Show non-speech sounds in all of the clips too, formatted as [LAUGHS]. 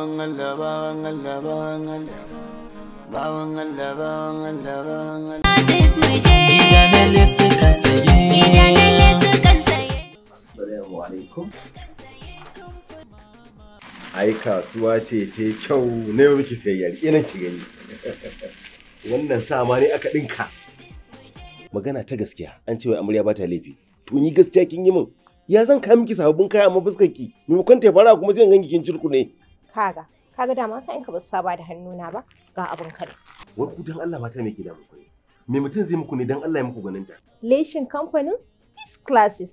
ഭാവങ്ങല്ല ഭാവങ്ങല്ല ഭാവങ്ങല്ല ഭാവങ്ങല്ല ഭാവങ്ങല്ല ഭാവങ്ങല്ല ai kasuwa ce ta kyau ne miki sayayyar ina ki gani wannan ma ne aka dinka magana ta gaskiya an ce wai amarya ba ta laifi to ni gaskiya kin yi min ya zan ka miki sababbin kaya amma fuskar ki maimakon ta fara kuma sai ganki kin cirku ne kaga kaga dama ka in ka ba saba da hannuna ba ga abin ka Warku wai ku dan Allah mata me ke da muku ne me mutum zai muku ne dan Allah ya muku ganin ta leshin kamfanin is classes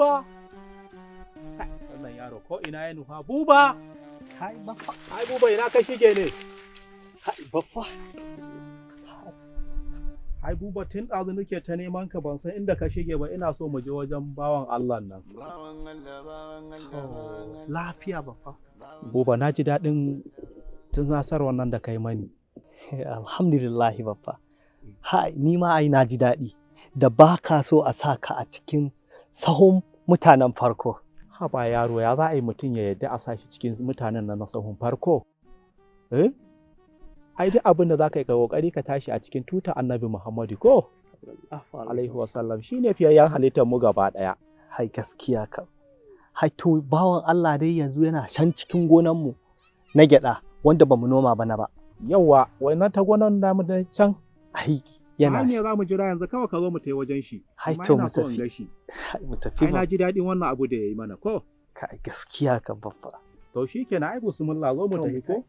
buba wannan yaro ko ina ya nufa buba kai baffa ai buba ina ka shige ne kai baffa ai buba tun ɗazu nake ta neman ka ban san inda ka shige ba ina so mu je wajen bawan Allah nan oh, lafiya baffa buba na ji daɗin tun asar wannan da kai mani alhamdulillah baffa hai ni ma ai na ji daɗi da ba ka so a sa ka a cikin sahun mutanen farko. Haba yaro ya za a yi mutum ya yadda a sashi cikin mutanen nan na sahun farko? Eh? Ai duk abin da za ka yi ka kokari ka tashi a cikin tuta annabi Muhammadu ko? Alaihi wasallam shi ne fiyayyen halittar mu gaba ɗaya. Hai gaskiya kam. Hai to bawan Allah dai yanzu yana shan cikin gonan mu na gyaɗa wanda ba mu noma na ba. Yawwa, wannan ta gonan namu can? Ai, yana shi. za mu jira yanzu kawai ka zo mu tai wajen shi. Hai to mu tafi. Hai mu tafi. Ai na ji daɗin wannan abu da yayi mana ko? Ka gaskiya ka babba. To shikenan ai bismillah zo mu tafi ko?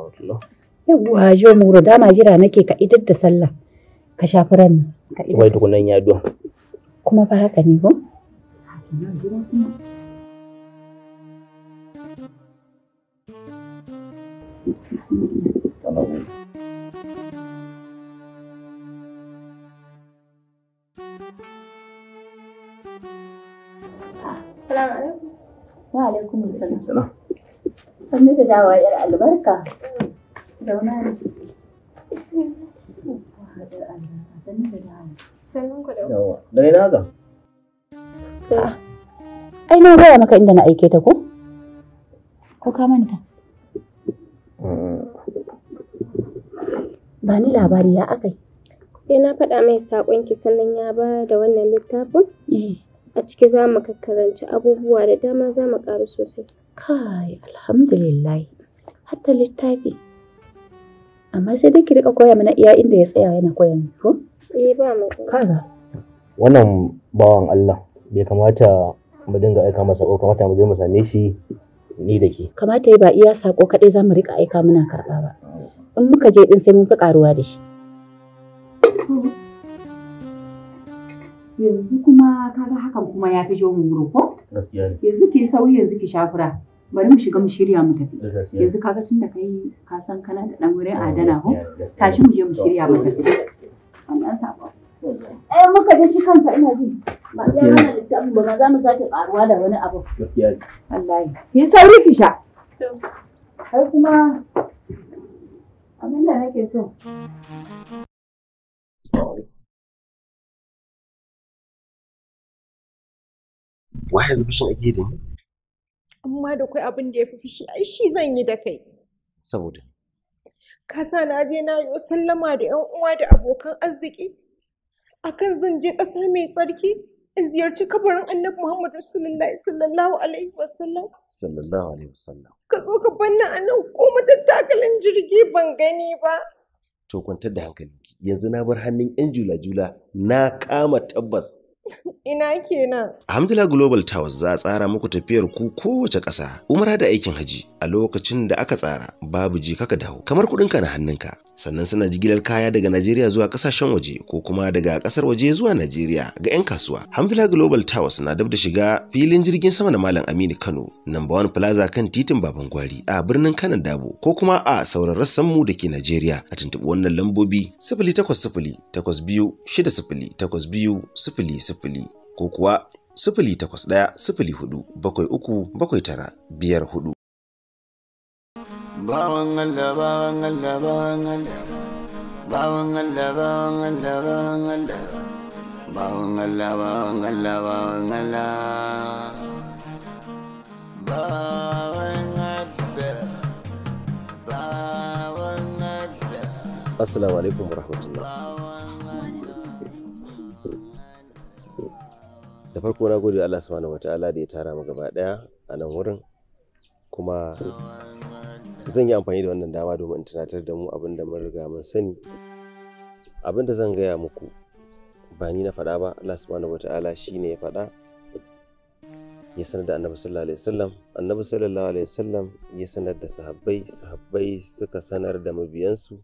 rahmatullah yawwa jo muro dama jira nake ka idar da sallah ka shafi ran nan wai tukunan ya duwa kuma ba haka ne ko Salamu alaikum. Wa alaikum salam. Sannu da dawa yar albarka. Da ina ga? Ah. Ai na gaya maka inda na aike ta ko? Ko ka manta? Mm. Ba ni labari ya akai. Sai eh, na faɗa mai saƙonki sannan ya ba da wannan littafin. Eh. A ciki za mu kakkaranci abubuwa da dama za mu ƙaru sosai. Kai, alhamdulillah. Hatta littafi. amma sai dai ki rika koya mana iya inda ya tsaya yana koya ni ko eh ba mu kaga wannan bawan Allah bai kamata mu dinga aika masa ko kamata mu je mu same shi ni da ke kamata ba iya sako kadai za mu rika aika muna karba ba in muka je din sai mun fi karuwa da shi yanzu kuma kaga hakan kuma ya fi jo mu ko gaskiya yanzu ki sauyi yanzu ki shafura bari mu shiga mu shirya mu tafi yanzu kaga tun da kai ka san kana da dan wurin ah, adana ho tashi mu je mu shirya mu tafi wannan sako eh muka ji shi kansa ina ji ba sai mana littafin ba za mu sake karuwa da wani abu wallahi ki sauri ki sha har kuma abin da nake so Why has the patient agreed? amma da kai abin da ya fi fushi ai shi zan yi da kai saboda kasa na je na yi sallama da yan uwa da abokan arziki akan zan je ƙasa mai tsarki in ziyarci kabarin annabi Muhammad Sallallahu sallallahu alaihi wasallam sallallahu alaihi wasallam ka zo ka banna a nan ko matattakalin jirgi ban gani ba to kwantar da hankalinki yanzu na bar hannun yan jula-jula na kama tabbas Ina kenan. Alhamdulillah Global Towers za a tsara muku tafiyar ku kowace ƙasa, umara da aikin haji, a lokacin da aka tsara babu ji kaka dawo kamar kuɗinka na hannunka sannan suna jigilar kaya daga Najeriya zuwa kasashen waje ko kuma daga ƙasar waje zuwa Najeriya ga 'yan kasuwa. Hamdala Global Towers na dab da shiga filin jirgin sama na Malam Aminu Kano, Number One Plaza kan titin Baban Gwari a birnin Kano Dabo ko kuma a sauran rassan mu da Najeriya a tuntuɓi wannan lambobi sifili takwas sifili biyu sifili ko kuwa ɗaya hudu bakwai uku bakwai tara bawan Allah bawan Allah bawan Allah bawan Allah bawan Allah bawan Allah bawan Allah bawan Allah bawan Allah bawan Allah bawan Allah warahmatullah da farko na gode Allah subhanahu wataala da ya tara mu gaba daya a nan wurin kuma zan yi amfani da wannan dama domin tunatar da mu abin da mun riga mun sani abin da zan gaya muku ba ni na faɗa ba Allah subhanahu wata'ala shine ya faɗa ya sanar da annabi sallallahu alaihi wasallam annabi sallallahu alaihi wasallam ya sanar da sahabbai sahabbai suka sanar da mabiyansu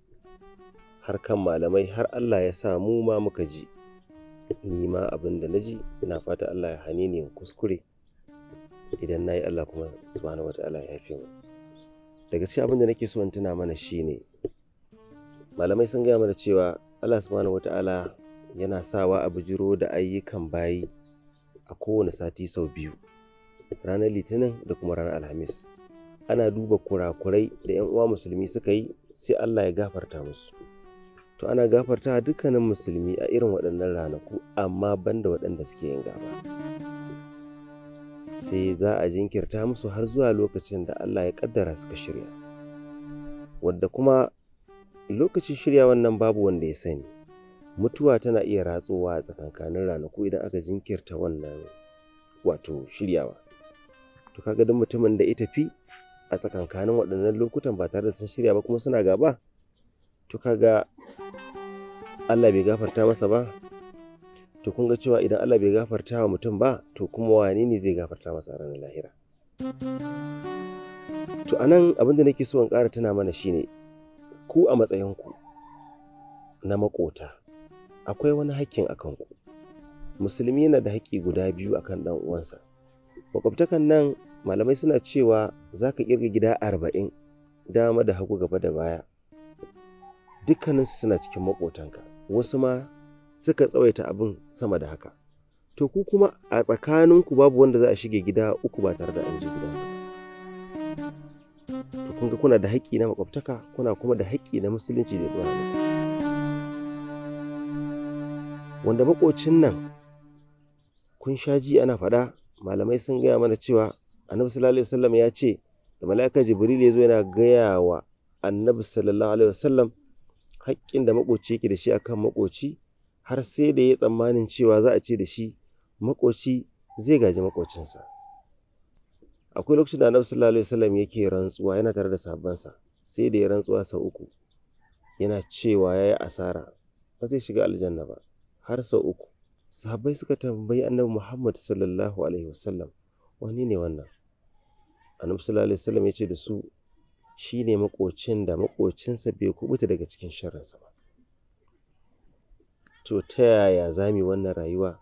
har kan malamai har Allah ya sa mu ma muka ji ni ma abin da na ji ina fata Allah ya hane ni kuskure idan na yi Allah kuma subhanahu wata'ala ya haife mu daga cikin abin da nake so in tuna mana shi ne malamai sun gaya mana cewa Allah subhanahu ta'ala yana sawa a bujiro da ayyukan bayi a kowane sati sau biyu ranar litinin da kuma ranar alhamis ana duba kurakurai da 'yan uwa musulmi suka yi sai Allah ya gafarta musu to ana gafarta dukkanin musulmi a irin waɗannan ranaku amma banda waɗanda suke yin gaba sai za a jinkirta musu har zuwa lokacin da Allah ya kaddara suka shirya wadda kuma lokacin shirya wannan babu wanda ya sani mutuwa tana iya ratsowa a tsakankanin ranaku idan aka jinkirta wannan wato shiryawa to kaga duk mutumin da ita fi a tsakankanin waɗannan lokutan ba tare da sun shirya ba kuma suna gaba to kaga Allah bai gafarta masa ba to kun ga cewa idan Allah bai gafarta wa mutum ba to kuma wane ne zai gafarta masa a ranar lahira to anan abin da nake so in ƙara tuna mana shi ne, ku a matsayinku na makota akwai wani hakkin akan ku musulmi yana da haƙƙi guda biyu akan ɗan uwansa makwabtakan nan malamai suna cewa za ka ƙirga gida arba'in dama da hagu gaba da baya dukkaninsu suna cikin maƙotanka wasu ma suka tsawaita abin sama da haka to ku kuma a tsakaninku babu wanda za a shige gida uku ba tare da an je gidansa to kun ga kuna da haƙƙi na makwabtaka kuna kuma da haƙƙi na musulunci da dora wanda makocin nan kun sha ji ana faɗa malamai sun gaya mana cewa annabi sallallahu alaihi wasallam ya ce da mala'ikar jibril ya zo yana gaya wa annabi sallallahu alaihi wasallam haƙƙin da makoci yake da shi akan makoci har sai da ya tsammanin cewa za a ce da shi makoci zai gaji makocinsa akwai lokacin da annabi sallallahu alaihi wasallam yake rantsuwa yana tare da sahabbansa sai da ya rantsuwa sau uku yana cewa ya yayi asara ba zai shiga aljanna ba har sau uku sahabbai suka tambayi annabi Muhammad sallallahu alaihi wasallam wani ne wannan annabi sallallahu alaihi wasallam ya ce da su shine makocin da makocinsa bai kubuta daga cikin sharrinsa ba to ta yaya za mu yi wannan rayuwa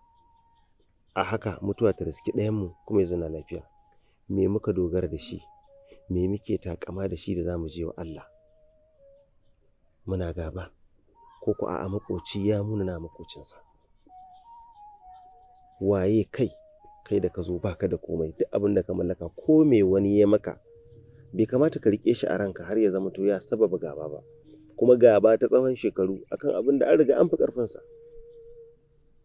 a haka mutuwa ta riski ɗayanmu kuma ya zauna lafiya me muka dogara da shi me muke takama da shi da za mu je wa Allah muna gaba ko ku a'a makoci ya munana makocinsa waye kai kai da ka zo baka da komai duk abin da ka mallaka ko me wani ya maka bai kamata ka riƙe shi a ranka har ya zama to ya sababa gaba ba kuma gaba ta tsawon shekaru akan abin da an riga an fi ƙarfinsa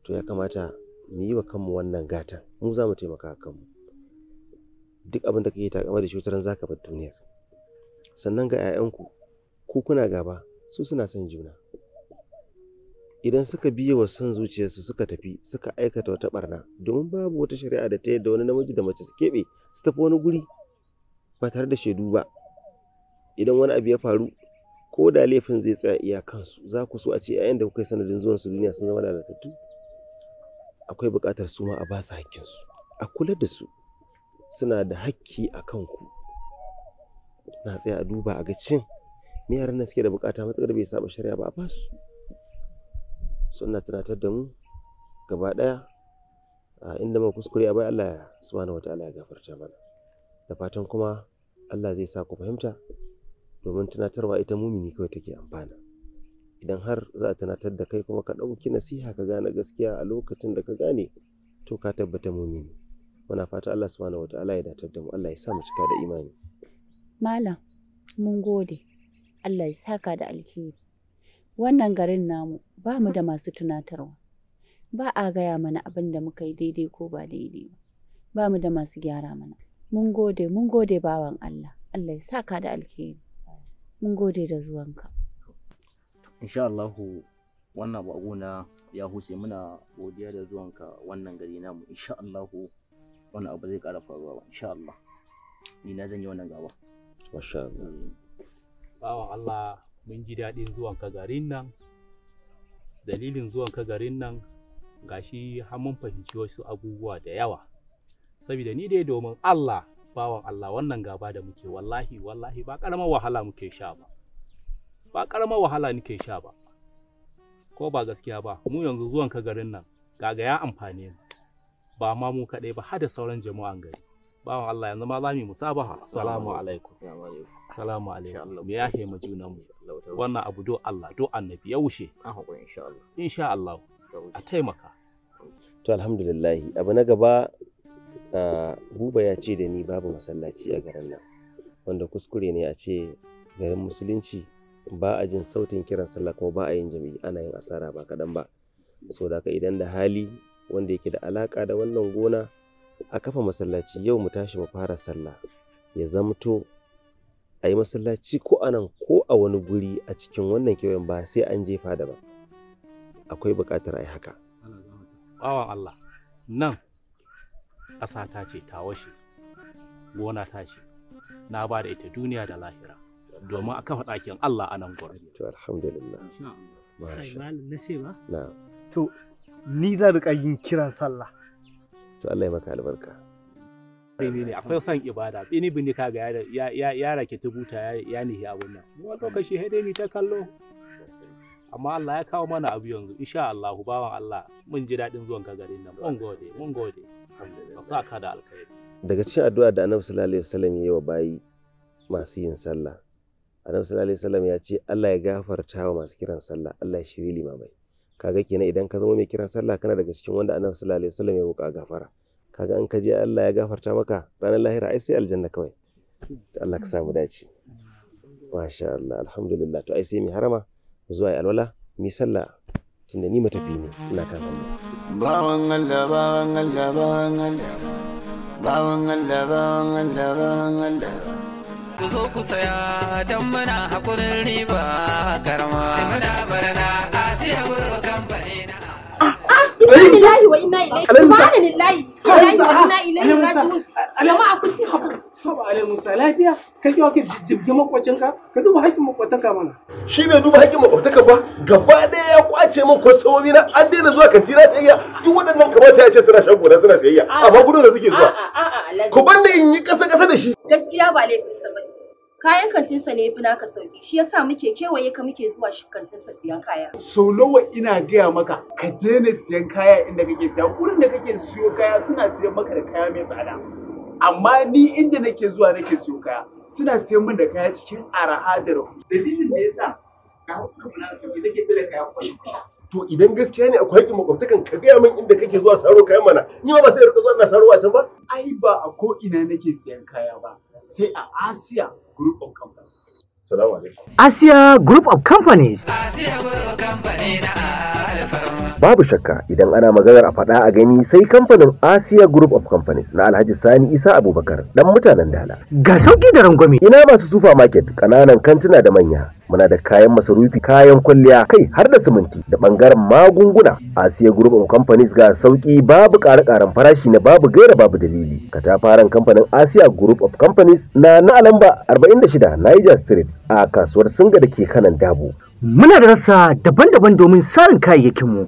to ya kamata mu yi wa kanmu wannan gatan mu za mu taimaka kanmu duk abin da kake takama da cutar za ka bar duniyar sannan ga 'ya'yanku ku kuna gaba su suna son juna idan suka biye wa son zuciyarsu suka tafi suka aikata wata barna domin babu wata shari'a da ta yadda wani namiji da mace su keɓe su tafi wani guri ba tare da shaidu ba idan wani abu ya faru ko da laifin zai tsaya iya kansu za ku so a ce 'ya'yan da kuka yi sanadin zuwan su duniya sun zama lalatattu akwai buƙatar su ma a ba su hakkinsu a kula da su suna da hakki a kanku na tsaya a duba a ga cin me yaran nan suke da buƙata matuƙar bai saba shari'a ba a ba su suna tunatar da mu gaba ɗaya inda muka kuskure a bai Allah subhanahu wataala ya gafarta mana da fatan kuma Allah zai sa ku fahimta domin tunatarwa ita mumini kawai take amfana idan har za a tunatar da kai kuma ka ɗauki nasiha ka gane gaskiya a lokacin da ka gane to ka tabbata mumini muna fata Allah subhanahu wataala ya datar da mu Allah ya sa mu cika da imani malam mun gode Allah ya saka da alkhairi wannan garin namu ba mu da masu tunatarwa ba a gaya mana abin da muka yi daidai ko ba daidai ba ba mu da masu gyara mana mun gode mun gode bawan Allah Allah ya saka da alkhairi mun gode da zuwanka insha Allahu wannan bako na ya huse muna godiya da zuwanka wannan gari namu insha Allahu wannan abu zai kara faruwa ba insha Allah ni na zan yi wannan gaba masha Allah bawan Allah mun ji daɗin zuwanka garin nan dalilin zuwanka garin nan gashi har mun fahimci wasu abubuwa da yawa saboda ni dai domin Allah bawan Allah wannan gaba da muke wallahi wallahi ba ƙaramar wahala muke sha ba ba ƙaramar wahala nake sha ba ko ba gaskiya ba mu yanzu zuwan ka garin nan ga ya amfane mu ba ma mu kaɗai ba hada sauran jama'an gari bawan Allah yanzu ma za mu musabaha assalamu alaikum assalamu alaikum mu yahe junan mu wannan abu do Allah do annabi ya wuce insha Allah insha Allah a taimaka to alhamdulillah abu na gaba buba ya ce da ni babu masallaci a garin nan wanda kuskure ne a ce garin musulunci ba a jin sautin kiran sallah kuma ba a yin jami'i ana yin asara ba kaɗan ba da haka idan da hali wanda yake da alaka da wannan gona a kafa masallaci yau mu tashi mu fara sallah ya zamto a yi masallaci ko a nan ko a wani guri a cikin wannan kewayen ba sai an jefa da ba akwai buƙatar a yi haka. Allah nan ƙasa ta ce ta washe gona ta ce na ba da ita duniya da lahira domin a kafa ɗakin Allah a nan gurin. To alhamdulillah. Na ce ba? Na. To ni zan riƙa yin kiran sallah. To Allah ya maka albarka. akwai son ibada bini bindi kaga ya ya ya rake ta ya nihi abun nan. Wani lokaci haidai ni ta kallo amma Allah ya kawo mana abu yanzu insha Allah bawan Allah mun ji daɗin zuwan ka garin nan mun gode mun gode alhamdulillah sa ka da alkhairi daga cikin addu'a da Annabi sallallahu alaihi wasallam ya yi wa bayi masu yin sallah Annabi sallallahu alaihi wasallam ya ce Allah ya gafarta wa masu kiran sallah Allah ya shiri limamai kaga kenan idan ka zama mai kiran sallah kana daga cikin wanda Annabi sallallahu alaihi wasallam ya roƙa gafara kaga an ka Allah ya gafarta maka ranar lahira ai sai aljanna kawai Allah ka samu dace masha Allah alhamdulillah to ai sai mai harama zuwa alwala mi sallah tunda ni matafi ne ina kan hannu bawan Allah bawan Allah bawan Allah bawan Allah bawan Allah bawan Allah ku zo ku saya don muna hakurin riba karama muna barana asiya gurbin kamfani na Lillahi wa inna ilaihi subhanallahi lillahi wa inna ilaihi raji'un jama'a ku ci hakuri saba alai musa lafiya ka kiwa ka jijjibge makwacinka ka duba haƙƙin makwataka mana shi bai duba haƙƙin makwataka ba gaba ɗaya ya kwace min kwastomomi na an daina zuwa kanti na sayayya duk waɗannan kamata ya ce suna shan gona suna sayayya amma gudun da suke zuwa ku banda in yi ƙasa ƙasa da shi gaskiya ba laifinsa ba kayan kantinsa ne fi naka sauki shi yasa muke kewaye ka muke zuwa shi kantinsa siyan kaya sau nawa ina gaya maka ka daina siyan kaya inda kake siya wurin da kake siyo kaya suna siyan maka da kaya mai tsada amma ni inda nake zuwa nake siyo kaya suna siyan min da kaya cikin araha da rahu dalilin da yasa ga hausa su siyo nake sayar da kaya kwashe to idan gaskiya ne akwai haƙƙin makwabtakan ka gaya min inda kake zuwa saro kayan mana ni ma ba sai rika zuwa ina saro a can ba ai ba a ko ina nake siyan kaya ba sai a Asia Group of Companies Assalamu alaikum Asia Group of Companies Asia Group of Companies babu shakka idan ana maganar a faɗa a gani sai kamfanin asia group of companies na alhaji sani isa abubakar dan mutanen dala ga sauki da rangwame ina masu market kananan kantuna da manya muna da kayan masarufi kayan kwalliya kai har da siminti da bangaren magunguna asia group of companies ga sauki babu ƙare farashi na babu gaira babu dalili katafaren kamfanin asia group of companies na na alamba 46 niger street a kasuwar singa da ke kanan dabo muna da rasa daban-daban domin sarin kayayyakinmu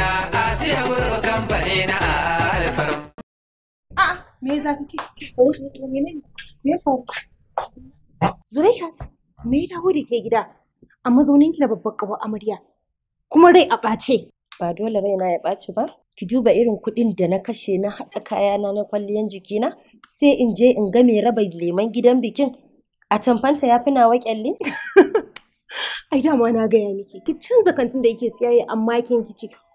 ne na alfar. A me za ki faru? Zulaihat, me ya dawo da ke gida a mazauninki da babbar ƙawar amarya kuma rai a ɓace. Ba dole raina ya ɓaci ba, ki duba irin kuɗin da na kashe na haɗa kayana na kwalliyan jikina sai in je in ga mai raba leman gidan bikin a tamfanta ya fi nawa kyalli. [LAUGHS] Ai dama na gaya miki, ki canza kantin da yake siyaye amma kin kici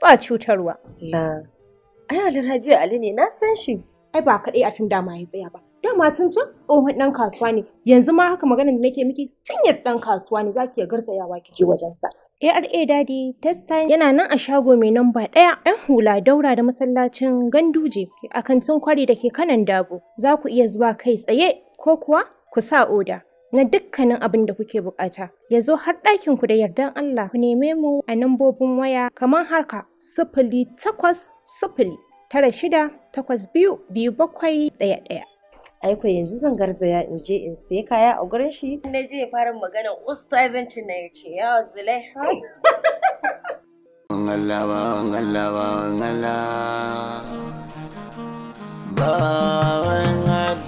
ba cutarwa. La, ai Alhaji Ali ne na san shi. Ai ba kaɗai a fim dama ya tsaya ba. Dama tun can tsohon ɗan kasuwa ne, yanzu ma haka maganar da nake miki sun ɗan kasuwa ne za ki iya garzayawa kike wajensa. ARA Daddy test time yana nan a shago mai namba ɗaya ‘yan hula daura da masallacin ganduje a kantin kwari da ke kanan dabo. Za ku iya zuwa kai tsaye ko kuwa ku sa oda. na dukkanin abin da kuke bukata. Ya zo har ɗakin ku da yardan Allah ku neme mu a nambobin waya kamar harka sifili takwas sifili tara shida takwas biyu biyu bakwai ɗaya ɗaya. Aiko yanzu zan garzaya in je in sai kaya a gurin shi. Na je fara magana ustazancin na ya ce yawa zulai. [LAUGHS] ba,